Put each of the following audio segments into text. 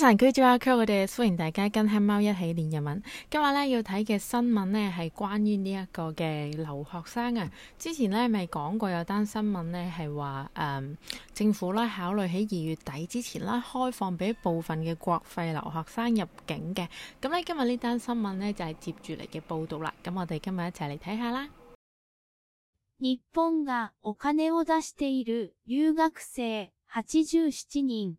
各位主，我哋歡迎大家跟黑貓一起練日文。今日咧，要睇嘅新聞呢係關於呢一個嘅留學生啊。之前咧咪講過有單新聞呢係話，嗯，政府咧考慮喺二月底之前啦，開放俾部分嘅國費留學生入境嘅。咁，嗯、咧，今日呢單新聞呢就係、是、接住嚟嘅報道、嗯，啦。咁我哋今日一齊嚟睇下啦。日本がお金を出している留學生87人。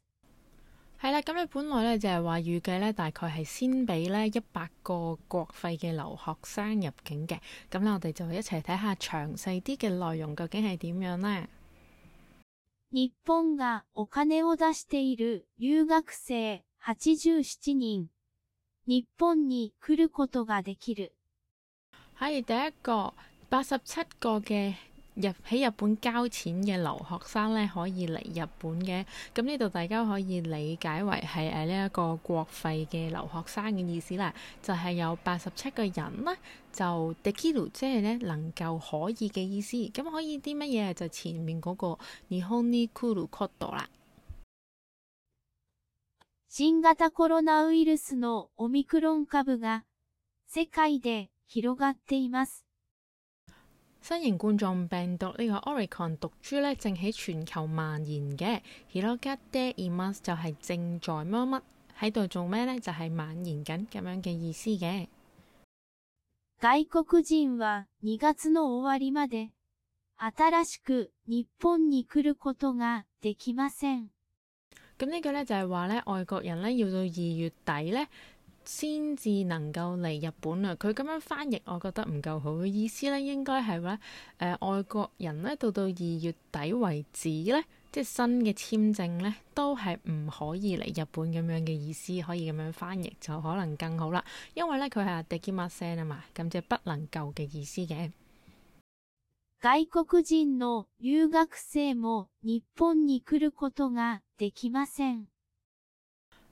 係啦，咁你本來咧就係話預計咧大概係先俾咧一百個國費嘅留學生入境嘅，咁咧我哋就一齊睇下詳細啲嘅內容究竟係點樣呢？日本がお金を出している留學生87人、日本に來ることができる。係第一個，八十七個嘅。日喺日本交錢嘅留學生咧，可以嚟日本嘅。咁呢度大家可以理解為係誒，呢一個國費嘅留學生嘅意思啦。就係、是、有八十七個人咧，就できる，即係咧能夠可以嘅意思。咁可以啲乜嘢，就前面嗰個日本に來ること啦。新型コロナウイルスのオミクロン株が世界で広がっています。新型冠狀病毒呢個 Omicron 毒株咧，正喺全球蔓延嘅。広がっています就係正在乜乜喺度做咩咧？就係蔓延緊咁樣嘅意思嘅。外國人は2月の終わりまで新しく日本に來ることができません。咁呢句咧就係話咧，外國人咧要到二月底咧，先至能夠嚟日本啊！佢咁樣翻譯，我覺得唔夠好嘅意思咧，應該係話誒外國人咧，到到二月底為止咧，即係新嘅簽證咧，都係唔可以嚟日本咁樣嘅意思，可以咁樣翻譯就可能更好啦。因為咧，佢係「できません」啊嘛，咁即係不能夠嘅意思嘅。外國人の留學生も日本に來ることができ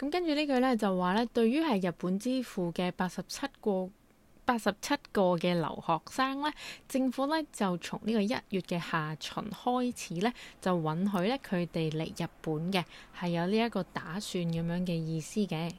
咁跟住呢句咧就話咧，對於係日本支付嘅八十七個八十七個嘅留學生咧，政府咧就從呢個一月嘅下旬開始咧，就允許咧佢哋嚟日本嘅，係有呢一個打算咁樣嘅意思嘅。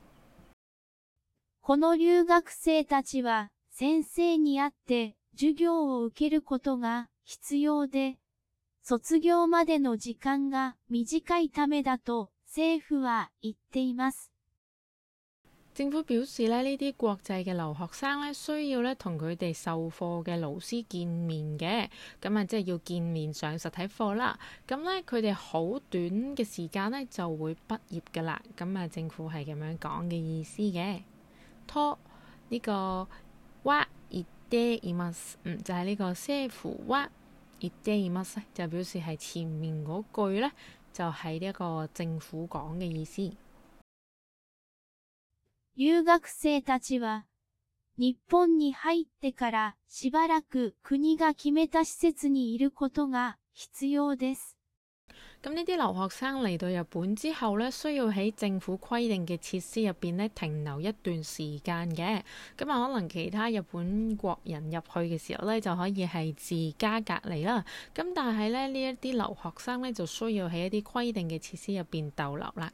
政府表示咧，呢啲國際嘅留學生咧，需要咧同佢哋授課嘅老師見面嘅，咁啊，即係要見面上實體課啦。咁呢，佢哋好短嘅時間呢就會畢業噶啦。咁啊、這個嗯就是這個，政府係咁樣講嘅意思嘅。と呢個言っています，嗯，就係呢個政府は言っています就表示係前面嗰句呢。就係呢一個政府講嘅意思。咁呢啲留學生嚟到日本之後呢，需要喺政府規定嘅設施入邊呢停留一段時間嘅。咁啊，可能其他日本國人入去嘅時候呢，就可以係自家隔離啦。咁但係呢，呢一啲留學生呢就需要喺一啲規定嘅設施入邊逗留啦。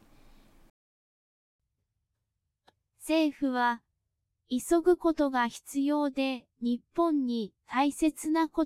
政府は急ぐことが必要で、日本に大切なこ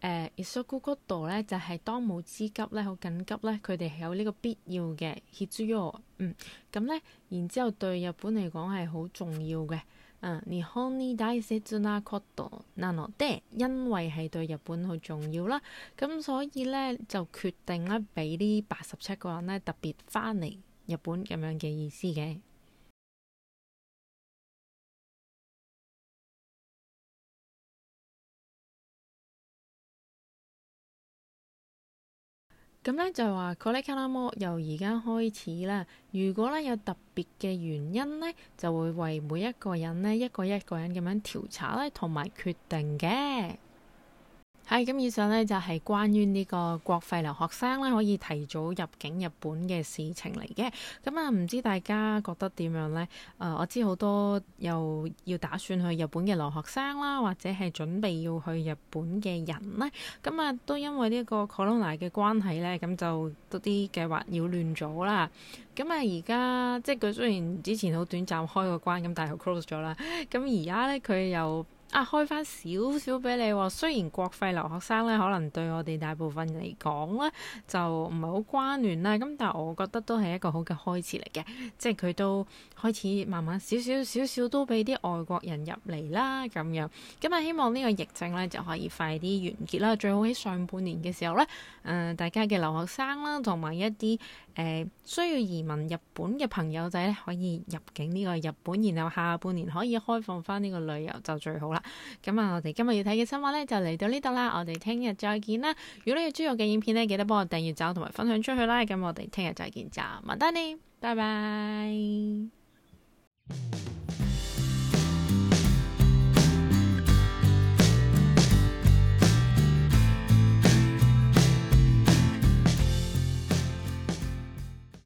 誒、uh，Issaku koto 咧就係當務之急咧，好緊急咧，佢哋係有呢個必要嘅 hitzo。嗯，咁咧，然之後對日本嚟講係好重要嘅。嗯，Nihon ni daisetsu na koto nanode，因為係對日本好重要啦。咁所以咧就決定咧俾呢八十七個人咧特別翻嚟日本咁樣嘅意思嘅。咁咧就話 collection 由而家開始啦。如果咧有特別嘅原因咧，就會為每一個人咧一個一個人咁樣調查咧，同埋決定嘅。係咁，以上咧就係關於呢個國費留學生咧可以提早入境日本嘅事情嚟嘅。咁啊，唔知大家覺得點樣咧？誒、呃，我知好多又要打算去日本嘅留學生啦，或者係準備要去日本嘅人咧，咁啊，都因為呢個 Corona 嘅關係咧，咁就多啲計劃擾亂咗啦。咁啊，而家即係佢雖然之前好短暫開過關，咁但係又 close 咗啦。咁而家咧，佢又～啊，開返少少俾你喎。雖然國費留學生咧，可能對我哋大部分人嚟講咧，就唔係好關聯啦。咁，但係我覺得都係一個好嘅開始嚟嘅，即係佢都開始慢慢少少少少都俾啲外國人入嚟啦。咁樣咁啊，希望呢個疫症咧就可以快啲完結啦。最好喺上半年嘅時候咧，誒、呃，大家嘅留學生啦，同埋一啲。誒，需要移民日本嘅朋友仔咧，可以入境呢個日本，然後下半年可以開放翻呢個旅遊就最好啦。咁啊，我哋今日要睇嘅新聞呢就嚟到呢度啦，我哋聽日再見啦。如果你要追我嘅影片呢，記得幫我訂閱走同埋分享出去啦。咁我哋聽日再見，就咁，拜拜。